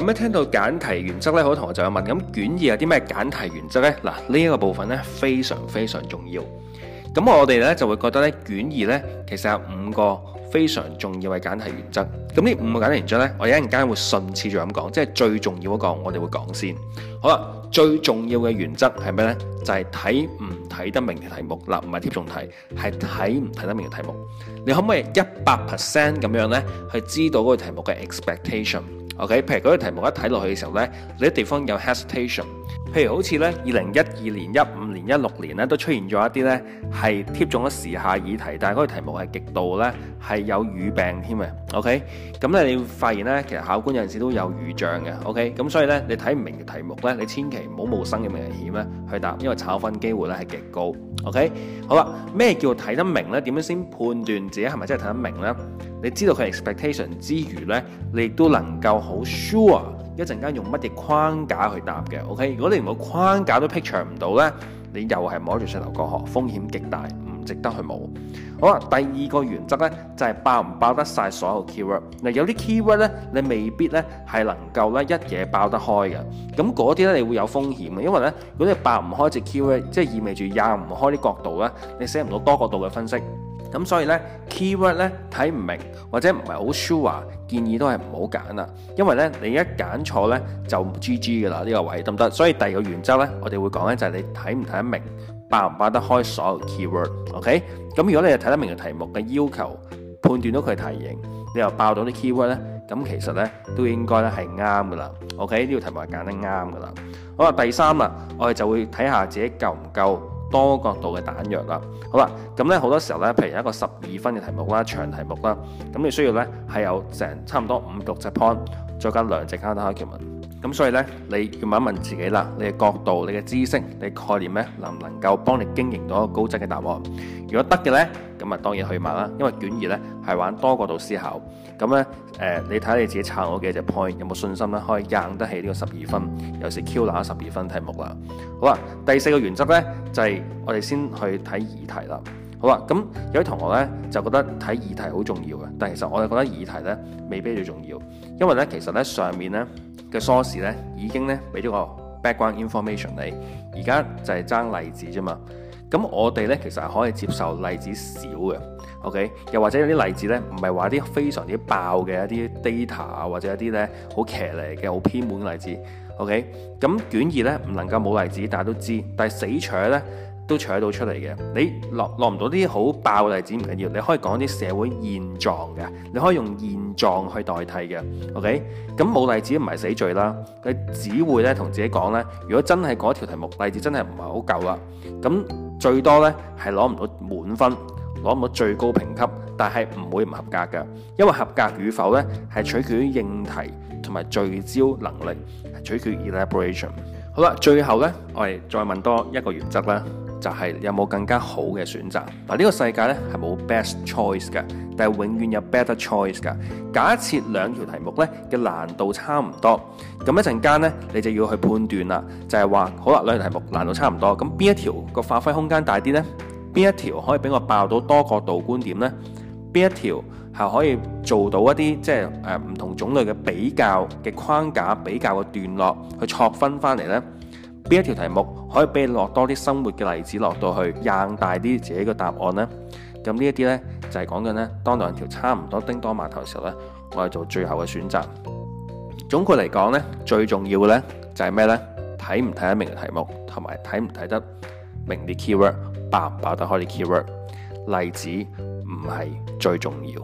咁一聽到揀題原則呢，好多同學就有問：咁卷二有啲咩揀題原則呢？嗱，呢一個部分呢，非常非常重要。咁我哋呢就會覺得呢，卷二呢其實有五個非常重要嘅揀題原則。咁呢五個揀題原則呢，我一陣間會順次序咁講，即係最重要嗰個我哋會講先。好啦，最重要嘅原則係咩呢？就係睇唔睇得明嘅題目。嗱、呃，唔係貼重題，係睇唔睇得明嘅題目。你可唔可以一百 percent 咁樣呢，去知道嗰個題目嘅 expectation？OK，譬如嗰啲題目一睇落去嘅時候咧，你啲地方有 hesitation。譬如好似咧，二零一二年、一五年、一六年咧，都出現咗一啲咧，係貼中咗時下議題，但係嗰個題目係極度咧係有語病添嘅。OK，咁咧你會發現咧，其實考官有陣時都有語障嘅。OK，咁所以咧你睇唔明嘅題目咧，你千祈唔好冒生嘅危險咧去答，因為炒分機會咧係極高。OK，好啦，咩叫睇得明咧？點樣先判斷自己係咪真係睇得明咧？你知道佢 expectation 之餘咧，你亦都能夠好 sure。一陣間用乜嘢框架去搭嘅，OK？如果你連個框架都 picture 唔到咧，你又係摸住石頭過河，風險極大，唔值得去冒。好啦，第二個原則咧就係爆唔爆得曬所有 keyword。嗱，有啲 keyword 咧，你未必咧係能夠咧一嘢爆得開嘅。咁嗰啲咧，你會有風險嘅，因為咧，如果你爆唔開隻 keyword，即係意味住入唔開啲角度咧，你寫唔到多角度嘅分析。咁所以呢 keyword 呢，睇唔明或者唔係好 sure，建議都係唔好揀啦。因為呢，你一揀錯呢，就 GG 噶啦，呢個位得唔得？所以第二個原則呢，我哋會講咧就係你睇唔睇得明，爆唔爆得開所有 keyword，OK？咁如果你係睇得明嘅題目嘅要求，判斷到佢嘅題型，你又爆到啲 keyword 呢，咁其實呢，都應該咧係啱噶啦，OK？呢個題目揀得啱噶啦。好啊，第三啦，我哋就會睇下自己夠唔夠。多角度嘅彈藥啦，好啦，咁咧好多時候咧，譬如一個十二分嘅題目啦，長題目啦，咁你需要咧係有成差唔多五六隻 point，再加兩隻 card 打開條文。咁所以呢，你要問一問自己啦，你嘅角度、你嘅知識、你嘅概念呢，能唔能夠幫你經營到一個高質嘅答案？如果得嘅呢，咁啊當然去問啦，因為卷二呢，係玩多角度思考。咁呢，誒、呃，你睇下你自己撐我幾隻 point 有冇信心呢？可以硬得起呢個十二分，尤其是 Q 拿十二分題目啦。好啊，第四個原則呢，就係、是、我哋先去睇議題啦。好啊，咁有啲同學呢，就覺得睇議題好重要嘅，但其實我哋覺得議題呢，未必最重要。因為咧，其實咧上面咧嘅 source 咧已經咧俾咗個 background information 你，而家就係爭例子啫嘛。咁我哋咧其實係可以接受例子少嘅，OK？又或者有啲例子咧，唔係話啲非常之爆嘅一啲 data 啊，或者一啲咧好騎嚟嘅好偏門嘅例子，OK？咁卷二咧唔能夠冇例子，大家都知。但係死扯咧～都取得到出嚟嘅。你落落唔到啲好爆嘅例子唔緊要，你可以講啲社會現狀嘅，你可以用現狀去代替嘅，OK？咁冇例子唔係死罪啦，佢只會咧同自己講咧，如果真係嗰條題目例子真係唔係好夠啦，咁最多咧係攞唔到滿分，攞唔到最高評級，但係唔會唔合格嘅，因為合格與否咧係取決於應題同埋聚焦能力，係取決於 elaboration。好啦，最後咧我哋再問多一個原則啦。就係有冇更加好嘅選擇嗱？呢個世界呢係冇 best choice 㗎，但係永遠有 better choice 㗎。假設兩條題目呢嘅難度差唔多，咁一陣間呢，你就要去判斷啦，就係、是、話就係話好啦，兩條題目難度差唔多，咁邊一條個發揮空間大啲呢？邊一條可以俾我爆到多個度多角度觀點呢？邊一條係可以做到一啲即係誒唔同種類嘅比較嘅框架、比較嘅段落去錯分翻嚟呢？邊一條題目，可以俾你落多啲生活嘅例子落到去，掗大啲自己個答案呢？咁呢一啲呢，就係、是、講緊呢，當兩條差唔多叮噹馬頭嘅時候呢，我係做最後嘅選擇。總括嚟講呢，最重要嘅呢，就係咩呢？睇唔睇得明嘅題目，同埋睇唔睇得明啲 keyword，包唔包得開啲 keyword，例子唔係最重要。